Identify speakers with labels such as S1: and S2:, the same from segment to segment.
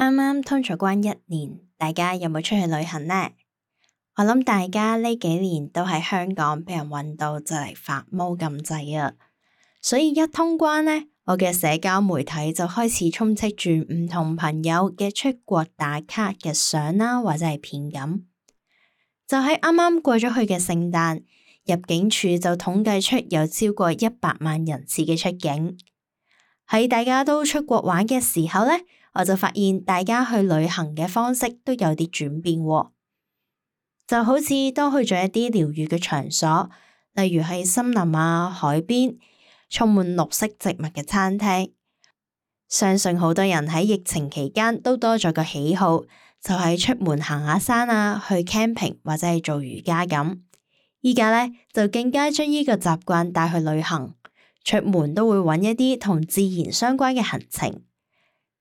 S1: 啱啱通咗關一年，大家有冇出去旅行呢？我諗大家呢幾年都喺香港俾人運到就嚟發毛咁滯啊！所以一通關呢，我嘅社交媒體就開始充斥住唔同朋友嘅出國打卡嘅相啦，或者係片咁。就喺啱啱過咗去嘅聖誕，入境處就統計出有超過一百萬人次嘅出境。喺大家都出國玩嘅時候呢，我就發現大家去旅行嘅方式都有啲轉變。哦，就好似多去咗一啲療癒嘅場所，例如喺森林啊、海邊、充滿綠色植物嘅餐廳。相信好多人喺疫情期間都多咗個喜好，就係、是、出門行下山啊，去 camping 或者係做瑜伽咁。而家咧就更加將呢個習慣帶去旅行，出門都會揾一啲同自然相關嘅行程。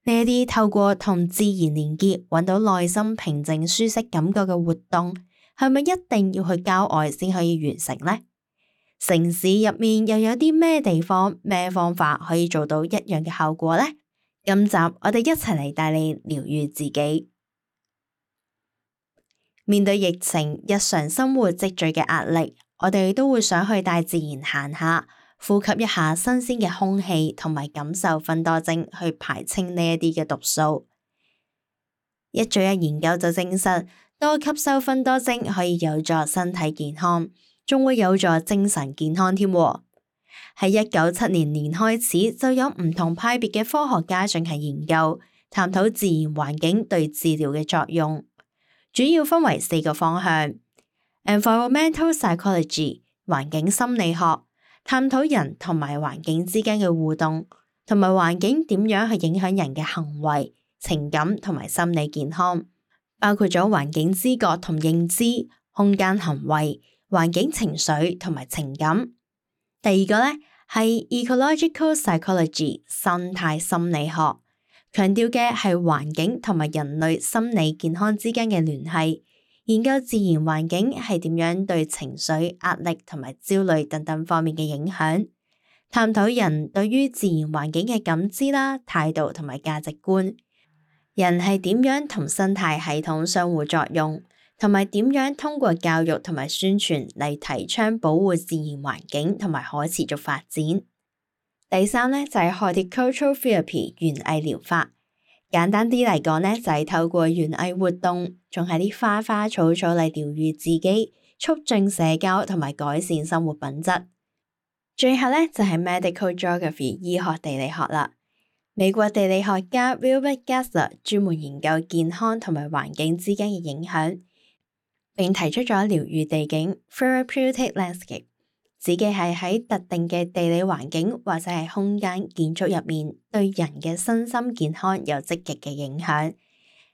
S1: 呢啲透過同自然連結，揾到內心平靜舒適感覺嘅活動，係咪一定要去郊外先可以完成呢？城市入面又有啲咩地方、咩方法可以做到一樣嘅效果呢？今集我哋一齊嚟，帶你療癒自己。面對疫情，日常生活積聚嘅壓力，我哋都會想去大自然行下。呼吸一下新鮮嘅空氣，同埋感受芬多精去排清呢一啲嘅毒素。一早有研究就證實，多吸收芬多精可以有助身體健康，仲會有助精神健康添。喺一九七零年開始，就有唔同派別嘅科學家進行研究，探討自然環境對治療嘅作用，主要分為四個方向：Environmental Psychology（ 環境心理學）。探討人同埋環境之間嘅互動，同埋環境點樣去影響人嘅行為、情感同埋心理健康，包括咗環境知覺同認知、空間行為、環境情緒同埋情感。第二個咧係 Ecological Psychology 生態心理學，強調嘅係環境同埋人類心理健康之間嘅聯繫。研究自然環境係點樣對情緒、壓力同埋焦慮等等方面嘅影響，探討人對於自然環境嘅感知啦、態度同埋價值觀，人係點樣同生態系統相互作用，同埋點樣通過教育同埋宣傳嚟提倡保護自然環境同埋可持續發展。第三咧就係 Horticultural Therapy（ 園藝療法）。簡單啲嚟講咧，就係透過園藝活動，仲係啲花花草草嚟療愈自己，促進社交同埋改善生活品質。最後咧就係 Medical Geography 醫學地理學啦。美國地理學家 Wilbert Gessler 專門研究健康同埋環境之間嘅影響，並提出咗療愈地景 （Therapeutic Landscape）。Th 指嘅係喺特定嘅地理環境或者係空間建築入面，對人嘅身心健康有積極嘅影響。影響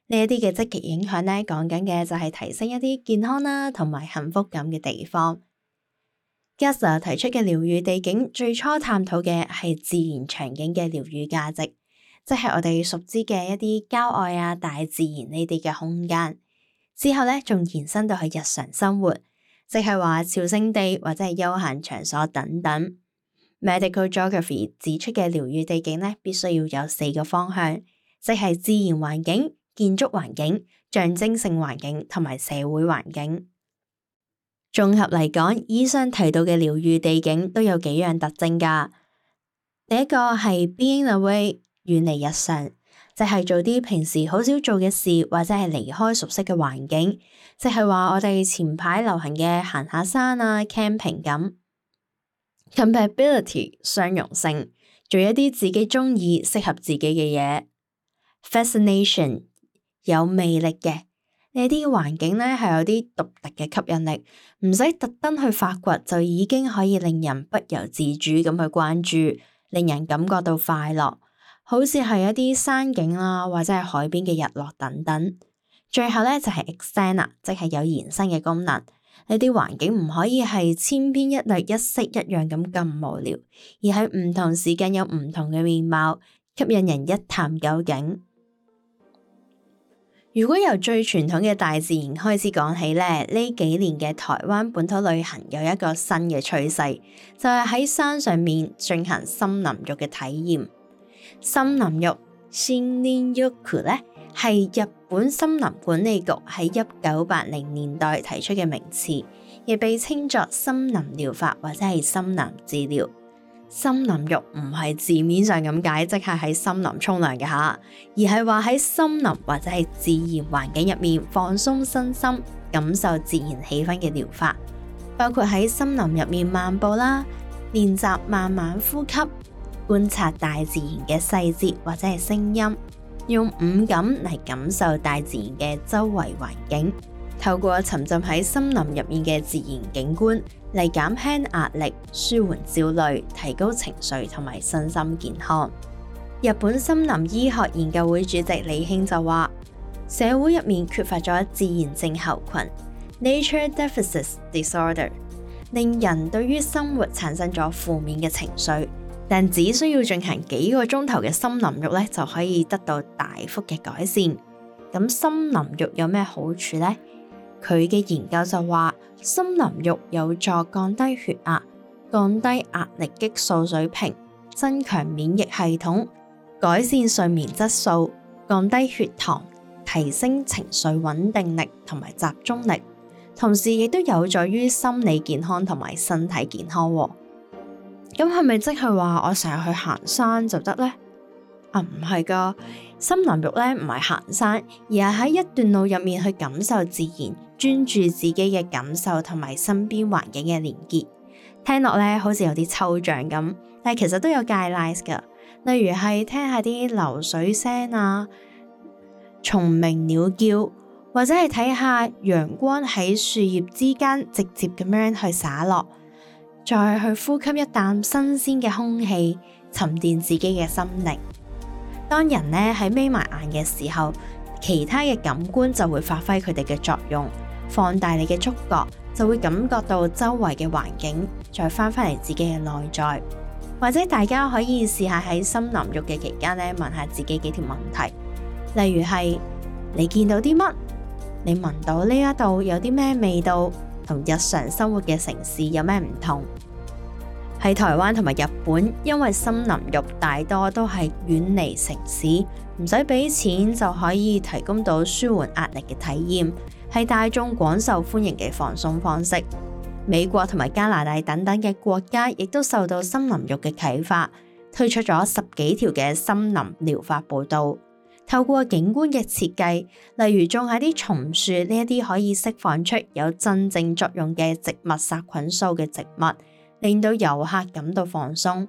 S1: 呢一啲嘅積極影響咧，講緊嘅就係提升一啲健康啦，同埋幸福感嘅地方。Gesa、啊、提出嘅療癒地景，最初探討嘅係自然場景嘅療癒價值，即係我哋熟知嘅一啲郊外啊、大自然呢啲嘅空間。之後咧，仲延伸到去日常生活。即係話朝聖地或者係休閒場所等等。Medical Geography 指出嘅療愈地境咧，必須要有四個方向，即係自然環境、建築環境、象徵性環境同埋社會環境。綜合嚟講，醫生提到嘅療愈地境都有幾樣特徵噶。第一個係 being away，遠離日常。就係做啲平時好少做嘅事，或者係離開熟悉嘅環境，即係話我哋前排流行嘅行下山啊、camping 咁。Compatibility 相容性，做一啲自己中意、適合自己嘅嘢。Fascination 有魅力嘅。呢啲環境呢係有啲獨特嘅吸引力，唔使特登去發掘就已經可以令人不由自主咁去關注，令人感覺到快樂。好似係一啲山景啦，或者係海邊嘅日落等等。最後咧就係 extend，即係有延伸嘅功能。呢啲環境唔可以係千篇一律、一式一樣咁咁無聊，而喺唔同時間有唔同嘅面貌，吸引人一探究竟。如果由最傳統嘅大自然開始講起咧，呢幾年嘅台灣本土旅行有一個新嘅趨勢，就係、是、喺山上面進行森林浴嘅體驗。森林浴 （Shinrin-yoku） 咧係日本森林管理局喺一九八零年代提出嘅名詞，亦被稱作森林療法或者係森林治療。森林浴唔係字面上咁解，即係喺森林沖涼嘅吓，而係話喺森林或者係自然環境入面放鬆身心、感受自然氣氛嘅療法，包括喺森林入面漫步啦、練習慢慢呼吸。觀察大自然嘅細節或者係聲音，用五感嚟感受大自然嘅周圍環境。透過沉浸喺森林入面嘅自然景觀嚟減輕壓力、舒緩焦慮、提高情緒同埋身心健康。日本森林醫學研究會主席李卿就話，社會入面缺乏咗自然症候群 （nature deficit disorder），令人對於生活產生咗負面嘅情緒。但只需要進行幾個鐘頭嘅森林浴咧，就可以得到大幅嘅改善。咁森林浴有咩好處呢？佢嘅研究就話，森林浴有助降低血壓、降低壓力激素水平、增強免疫系統、改善睡眠質素、降低血糖、提升情緒穩定力同埋集中力，同時亦都有助於心理健康同埋身體健康。咁係咪即係話我成日去行山就得呢？啊，唔係噶森林浴咧唔係行山，而係喺一段路入面去感受自然，專注自己嘅感受同埋身邊環境嘅連結。聽落咧好似有啲抽象咁，但係其實都有 guidelines 噶例如係聽下啲流水聲啊、蟲鳴鳥叫，或者係睇下陽光喺樹葉之間直接咁樣去灑落。再去呼吸一啖新鮮嘅空氣，沉澱自己嘅心靈。當人呢喺眯埋眼嘅時候，其他嘅感官就會發揮佢哋嘅作用，放大你嘅觸覺，就會感覺到周圍嘅環境，再翻返嚟自己嘅內在。或者大家可以試下喺森林浴嘅期間呢，問下自己幾條問題，例如係你見到啲乜，你聞到呢一度有啲咩味道，同日常生活嘅城市有咩唔同？喺台灣同埋日本，因為森林浴大多都係遠離城市，唔使俾錢就可以提供到舒緩壓力嘅體驗，係大眾廣受歡迎嘅放鬆方式。美國同埋加拿大等等嘅國家，亦都受到森林浴嘅啟發，推出咗十幾條嘅森林療法步道。透過景觀嘅設計，例如種下啲松樹呢一啲可以釋放出有真正作用嘅植物殺菌素嘅植物。令到遊客感到放鬆，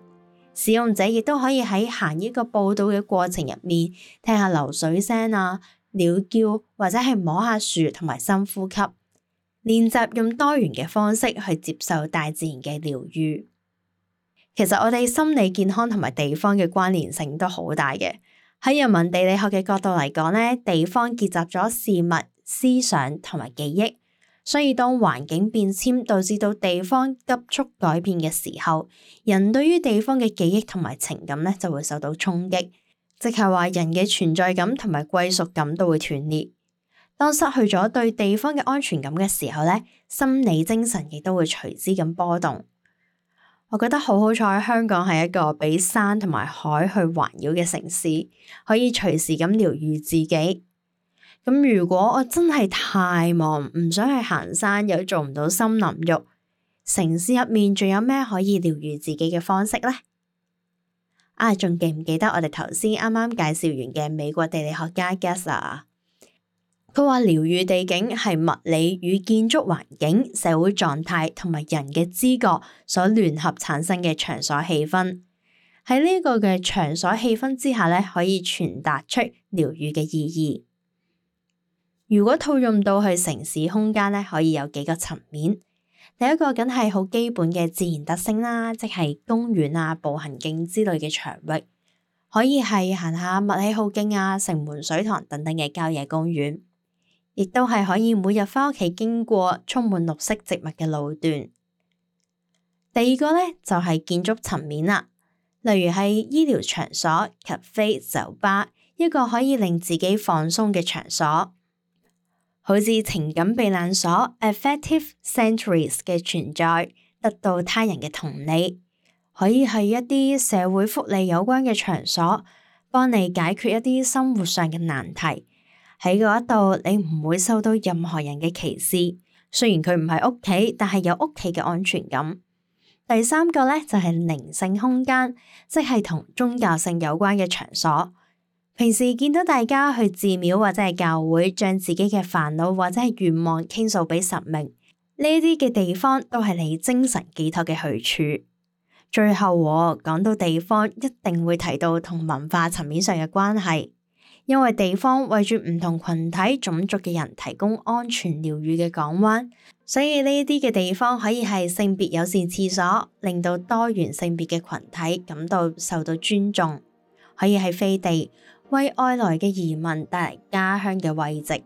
S1: 使用者亦都可以喺行呢個步道嘅過程入面聽下流水聲啊、鳥叫，或者係摸下樹同埋深呼吸，練習用多元嘅方式去接受大自然嘅療愈。其實我哋心理健康同埋地方嘅關聯性都好大嘅。喺人文地理學嘅角度嚟講呢，地方結集咗事物、思想同埋記憶。所以，當環境變遷導致到地方急速改變嘅時候，人對於地方嘅記憶同埋情感呢就會受到衝擊，即係話人嘅存在感同埋歸屬感都會斷裂。當失去咗對地方嘅安全感嘅時候呢，心理精神亦都會隨之咁波動。我覺得好好彩，香港係一個俾山同埋海去環繞嘅城市，可以隨時咁療愈自己。咁如果我真係太忙，唔想去行山，又做唔到森林浴，城市入面仲有咩可以療愈自己嘅方式呢？啊，仲記唔記得我哋頭先啱啱介紹完嘅美國地理學家 Gesler？佢話療愈地景係物理與建築環境、社會狀態同埋人嘅知覺所聯合產生嘅場所氣氛。喺呢個嘅場所氣氛之下咧，可以傳達出療愈嘅意義。如果套用到去城市空間咧，可以有幾個層面。第一個梗係好基本嘅自然特性啦，即係公園啊、步行徑之類嘅場域，可以係行下麥理浩徑啊、城門水塘等等嘅郊野公園，亦都係可以每日返屋企經過充滿綠色植物嘅路段。第二個咧就係、是、建築層面啦，例如係醫療場所 cafe、酒吧，一個可以令自己放鬆嘅場所。好似情感避難所、effective centres u i 嘅存在，得到他人嘅同理，可以去一啲社會福利有關嘅場所，幫你解決一啲生活上嘅難題。喺嗰度，你唔會受到任何人嘅歧視。雖然佢唔係屋企，但係有屋企嘅安全感。第三個咧就係、是、靈性空間，即係同宗教性有關嘅場所。平時見到大家去寺廟或者係教會，將自己嘅煩惱或者係願望傾訴俾神明。呢啲嘅地方都係你精神寄託嘅去處。最後我講到地方，一定會提到同文化層面上嘅關係，因為地方為住唔同群體種族嘅人提供安全療愈嘅港灣，所以呢啲嘅地方可以係性別友善廁所，令到多元性別嘅群體感到受到尊重，可以係飛地。為外來嘅移民帶嚟家鄉嘅慰藉。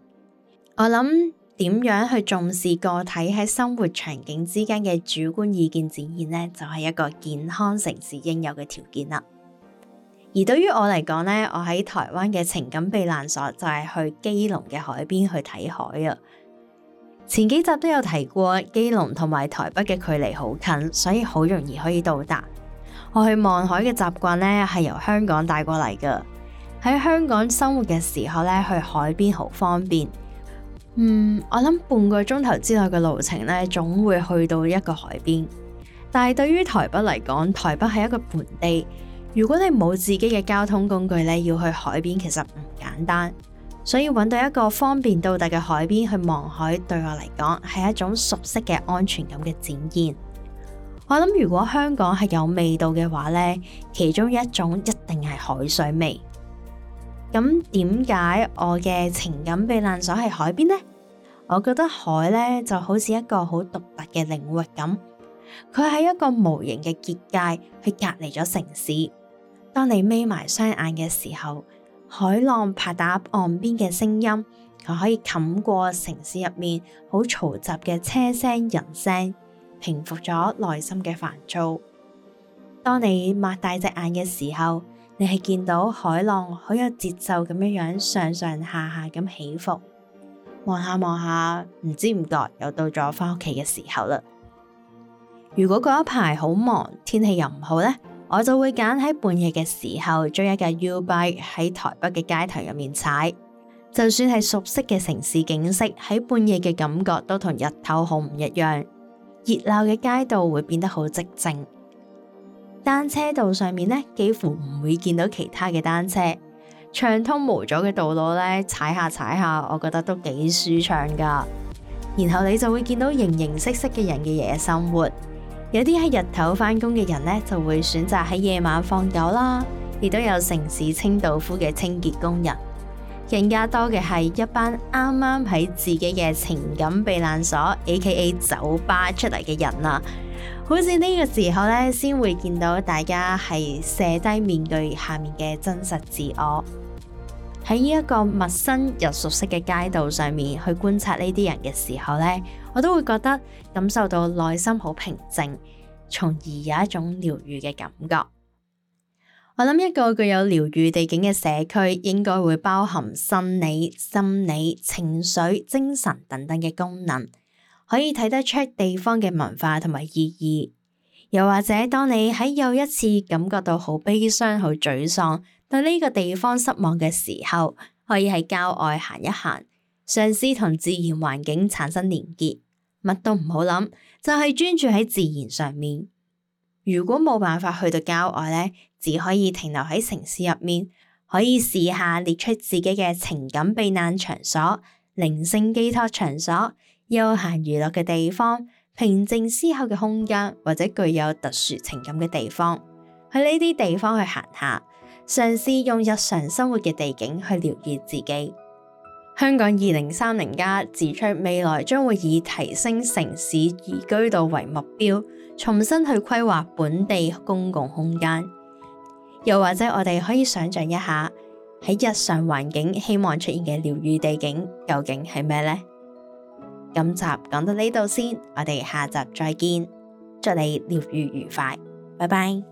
S1: 我諗，點樣去重視個體喺生活場景之間嘅主觀意見展現呢？就係一個健康城市應有嘅條件啦。而對於我嚟講呢，我喺台灣嘅情感避難所就係去基隆嘅海邊去睇海啊。前幾集都有提過，基隆同埋台北嘅距離好近，所以好容易可以到達。我去望海嘅習慣呢，係由香港帶過嚟㗎。喺香港生活嘅時候咧，去海邊好方便。嗯，我諗半個鐘頭之內嘅路程咧，總會去到一個海邊。但係對於台北嚟講，台北係一個盆地。如果你冇自己嘅交通工具咧，要去海邊其實唔簡單。所以搵到一個方便到達嘅海邊去望海，對我嚟講係一種熟悉嘅安全感嘅展現。我諗如果香港係有味道嘅話咧，其中一種一定係海水味。咁點解我嘅情感避難所喺海邊呢？我覺得海咧就好似一個好獨特嘅領域咁，佢喺一個無形嘅結界，去隔離咗城市。當你眯埋雙眼嘅時候，海浪拍打岸邊嘅聲音，佢可以冚過城市入面好嘈雜嘅車聲人聲，平復咗內心嘅煩躁。當你擘大隻眼嘅時候，你係見到海浪好有節奏咁樣樣上上下下咁起伏，望下望下，唔知唔覺又到咗返屋企嘅時候啦。如果嗰一排好忙，天氣又唔好呢，我就會揀喺半夜嘅時候，租一架 U-bike 喺台北嘅街頭入面踩。就算係熟悉嘅城市景色，喺半夜嘅感覺都同日頭好唔一樣。熱鬧嘅街道會變得好寂靜。單車道上面咧，幾乎唔會見到其他嘅單車。暢通無阻嘅道路咧，踩下踩下，我覺得都幾舒暢噶。然後你就會見到形形色色嘅人嘅夜生活。有啲喺日頭返工嘅人咧，就會選擇喺夜晚放狗啦。亦都有城市清道夫嘅清潔工人。更加多嘅係一班啱啱喺自己嘅情感避難所 （A.K.A. 酒吧）出嚟嘅人啊！好似呢個時候咧，先會見到大家係卸低面具下面嘅真實自我。喺呢一個陌生又熟悉嘅街道上面去觀察呢啲人嘅時候咧，我都會覺得感受到內心好平靜，從而有一種療癒嘅感覺。我諗一個具有療癒地景嘅社區，應該會包含生理、心理、情緒、精神等等嘅功能。可以睇得出地方嘅文化同埋意義，又或者當你喺又一次感覺到好悲傷、好沮喪、對呢個地方失望嘅時候，可以喺郊外行一行，嘗試同自然環境產生連結，乜都唔好諗，就係專注喺自然上面。如果冇辦法去到郊外咧，只可以停留喺城市入面，可以試下列出自己嘅情感避難場所、靈性寄託場所。休閒娛樂嘅地方、平靜思考嘅空間，或者具有特殊情感嘅地方，去呢啲地方去行下，嘗試用日常生活嘅地景去療愈自己。香港二零三零加指出，未來將會以提升城市宜居度為目標，重新去規劃本地公共空間。又或者，我哋可以想象一下，喺日常環境希望出現嘅療愈地景究竟係咩呢？今集講到呢度先，我哋下集再見。祝你療癒愉快，拜拜。